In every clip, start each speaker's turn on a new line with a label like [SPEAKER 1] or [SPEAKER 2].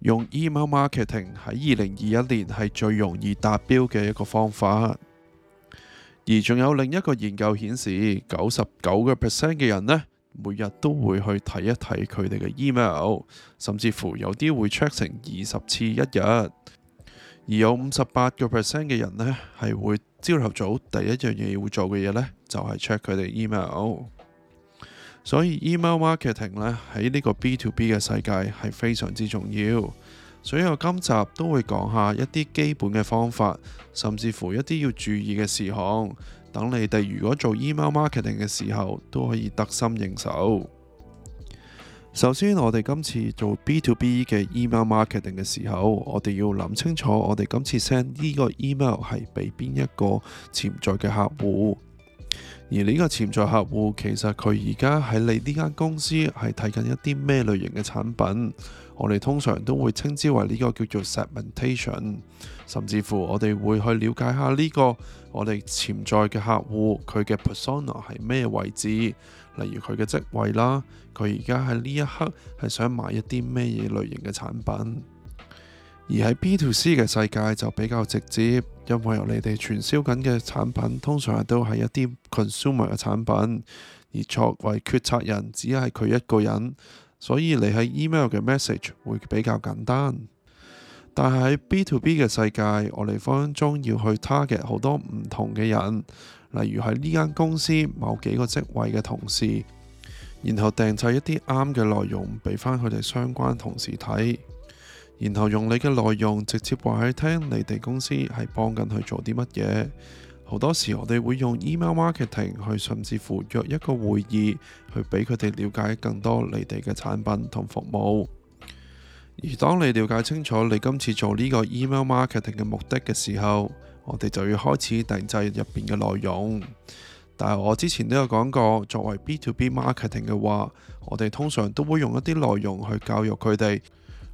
[SPEAKER 1] 用 email marketing 喺二零二一年係最容易達標嘅一個方法，而仲有另一個研究顯示，九十九個 percent 嘅人呢，每日都會去睇一睇佢哋嘅 email，甚至乎有啲會 check 成二十次一日，而有五十八個 percent 嘅人呢，係會朝頭早第一樣嘢會做嘅嘢呢，就係、是、check 佢哋 email。所以 email marketing 咧，喺呢個 B to B 嘅世界係非常之重要，所以我今集都會講下一啲基本嘅方法，甚至乎一啲要注意嘅事項，等你哋如果做 email marketing 嘅時候都可以得心應手。首先，我哋今次做 B to B 嘅 email marketing 嘅時候，我哋要諗清楚，我哋今次 send 呢個 email 係俾邊一個潛在嘅客戶。而呢個潛在客戶，其實佢而家喺你呢間公司係睇緊一啲咩類型嘅產品？我哋通常都會稱之為呢個叫做 segmentation，甚至乎我哋會去了解下呢個我哋潛在嘅客戶，佢嘅 persona 係咩位置，例如佢嘅職位啦，佢而家喺呢一刻係想買一啲咩嘢類型嘅產品。而喺 B to C 嘅世界就比較直接，因為由你哋傳銷緊嘅產品通常都係一啲 consumer 嘅產品，而作為決策人只係佢一個人，所以你喺 email 嘅 message 會比較簡單。但係喺 B to B 嘅世界，我哋方中要去 target 好多唔同嘅人，例如喺呢間公司某幾個職位嘅同事，然後訂製一啲啱嘅內容俾翻佢哋相關同事睇。然後用你嘅內容直接話佢聽，你哋公司係幫緊去做啲乜嘢。好多時我哋會用 email marketing 去，甚至乎約一個會議去俾佢哋了解更多你哋嘅產品同服務。而當你了解清楚你今次做呢個 email marketing 嘅目的嘅時候，我哋就要開始訂製入邊嘅內容。但係我之前都有講過，作為 B to B marketing 嘅話，我哋通常都會用一啲內容去教育佢哋。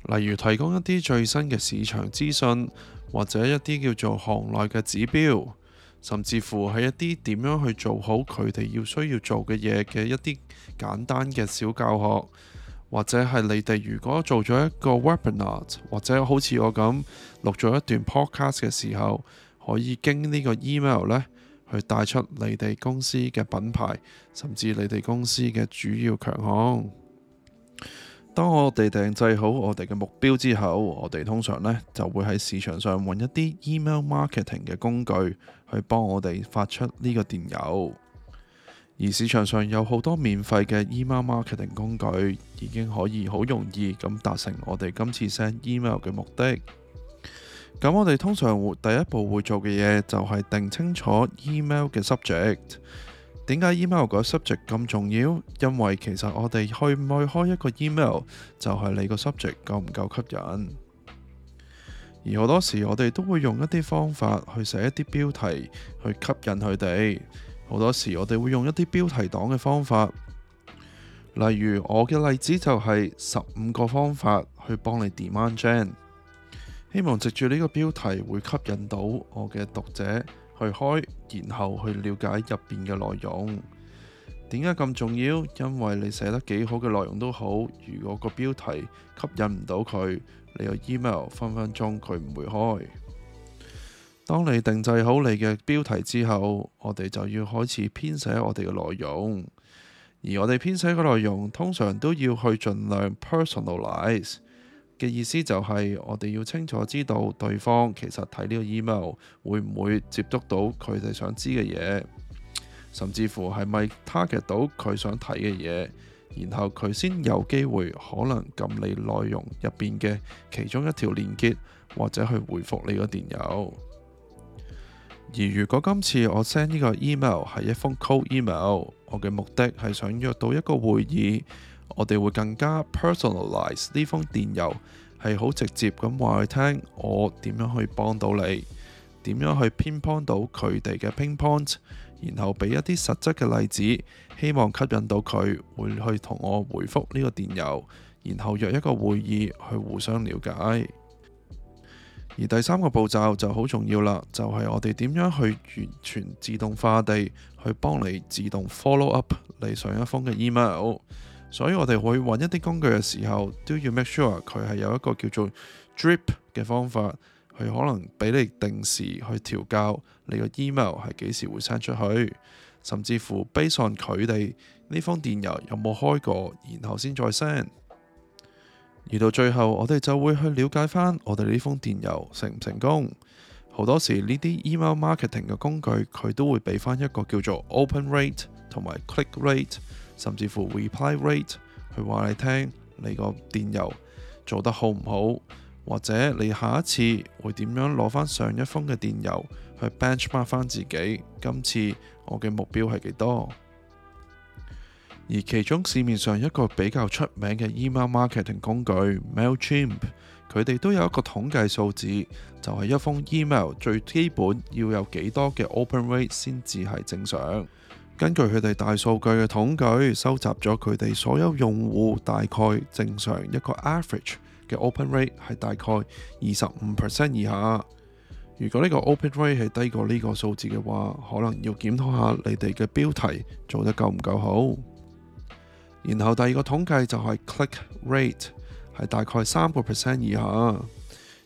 [SPEAKER 1] 例如提供一啲最新嘅市場資訊，或者一啲叫做行內嘅指標，甚至乎係一啲點樣去做好佢哋要需要做嘅嘢嘅一啲簡單嘅小教學，或者係你哋如果做咗一個 webinar，或者好似我咁錄咗一段 podcast 嘅時候，可以經這個呢個 email 呢去帶出你哋公司嘅品牌，甚至你哋公司嘅主要強項。當我哋訂製好我哋嘅目標之後，我哋通常呢就會喺市場上揾一啲 email marketing 嘅工具，去幫我哋發出呢個電郵。而市場上有好多免費嘅 email marketing 工具，已經可以好容易咁達成我哋今次 send email 嘅目的。咁我哋通常第一步會做嘅嘢就係定清楚 email 嘅 subject。點解 email 個 subject 咁重要？因為其實我哋去唔去開一個 email 就係你個 subject 夠唔夠吸引。而好多時我哋都會用一啲方法去寫一啲標題去吸引佢哋。好多時我哋會用一啲標題黨嘅方法，例如我嘅例子就係十五個方法去幫你 demand gen。希望藉住呢個標題會吸引到我嘅讀者。去開，然後去了解入邊嘅內容。點解咁重要？因為你寫得幾好嘅內容都好，如果個標題吸引唔到佢，你個 email 分分鐘佢唔會開。當你定製好你嘅標題之後，我哋就要開始編寫我哋嘅內容。而我哋編寫嘅內容，通常都要去盡量 personalize。嘅意思就係我哋要清楚知道對方其實睇呢個 email 會唔會接觸到佢哋想知嘅嘢，甚至乎係咪 target 到佢想睇嘅嘢，然後佢先有機會可能撳你內容入邊嘅其中一條連結，或者去回覆你個電郵。而如果今次我 send 呢個 email 係一封 cold email，我嘅目的係想約到一個會議。我哋會更加 personalize 呢封電郵，係好直接咁話佢聽，我點樣去幫到你，點樣去 pinpoint 到佢哋嘅 pinpoint，然後俾一啲實質嘅例子，希望吸引到佢會去同我回覆呢個電郵，然後約一個會議去互相了解。而第三個步驟就好重要啦，就係、是、我哋點樣去完全自動化地去幫你自動 follow up 你上一封嘅 email。所以我哋會揾一啲工具嘅時候，都要 make sure 佢係有一個叫做 drip 嘅方法，佢可能俾你定時去調校你個 email 係幾時會 send 出去，甚至乎 based on 佢哋呢封電郵有冇開過，然後先再 send。而到最後，我哋就會去了解翻我哋呢封電郵成唔成功。好多時呢啲 email marketing 嘅工具，佢都會俾翻一個叫做 open rate 同埋 click rate。甚至乎 reply rate，佢話你聽，你個電郵做得好唔好，或者你下一次會點樣攞翻上一封嘅電郵去 benchmark 翻自己？今次我嘅目標係幾多？而其中市面上一個比較出名嘅 email marketing 工具 Mailchimp，佢哋都有一個統計數字，就係一封 email 最基本要有幾多嘅 open rate 先至係正常。根據佢哋大數據嘅統計，收集咗佢哋所有用戶大概正常一個 average 嘅 open rate 係大概二十五 percent 以下。如果呢個 open rate 係低過呢個數字嘅話，可能要檢討下你哋嘅標題做得夠唔夠好。然後第二個統計就係 click rate 係大概三個 percent 以下，而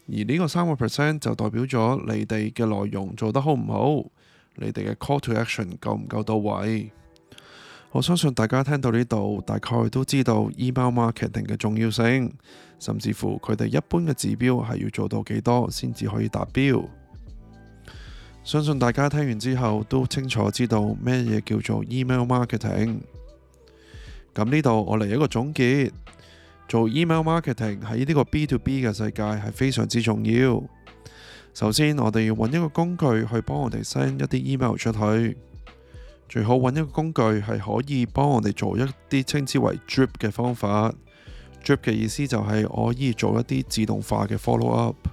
[SPEAKER 1] 呢個三個 percent 就代表咗你哋嘅內容做得好唔好。你哋嘅 call to action 夠唔夠到位？我相信大家聽到呢度，大概都知道 email marketing 嘅重要性，甚至乎佢哋一般嘅指標係要做到幾多先至可以達標。相信大家聽完之後都清楚知道咩嘢叫做 email marketing。咁呢度我嚟一個總結，做 email marketing 喺呢個 B to B 嘅世界係非常之重要。首先，我哋要揾一個工具去幫我哋 send 一啲 email 出去，最好揾一個工具係可以幫我哋做一啲稱之為 drip 嘅方法。drip 嘅意思就係可以做一啲自動化嘅 follow up，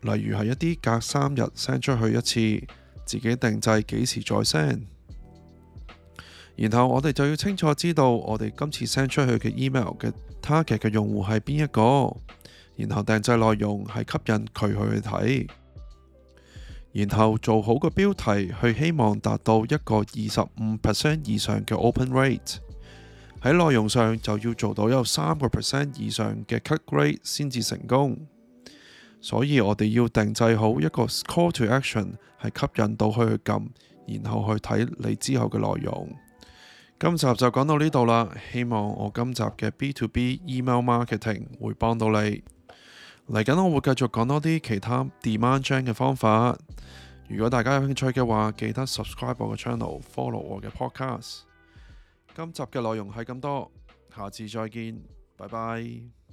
[SPEAKER 1] 例如係一啲隔三日 send 出去一次，自己定製幾時再 send。然後我哋就要清楚知道我哋今次 send 出去嘅 email 嘅 target 嘅用戶係邊一個，然後定製內容係吸引佢去睇。然後做好個標題，去希望達到一個二十五 percent 以上嘅 open rate。喺內容上就要做到有三個 percent 以上嘅 cut rate 先至成功。所以我哋要定製好一個 call to action，係吸引到佢去撳，然後去睇你之後嘅內容。今集就講到呢度啦，希望我今集嘅 B to B email marketing 會幫到你。嚟緊，來我會繼續講多啲其他 demand gen 嘅方法。如果大家有興趣嘅話，記得 subscribe 我嘅 channel，follow 我嘅 podcast。今集嘅內容係咁多，下次再見，拜拜。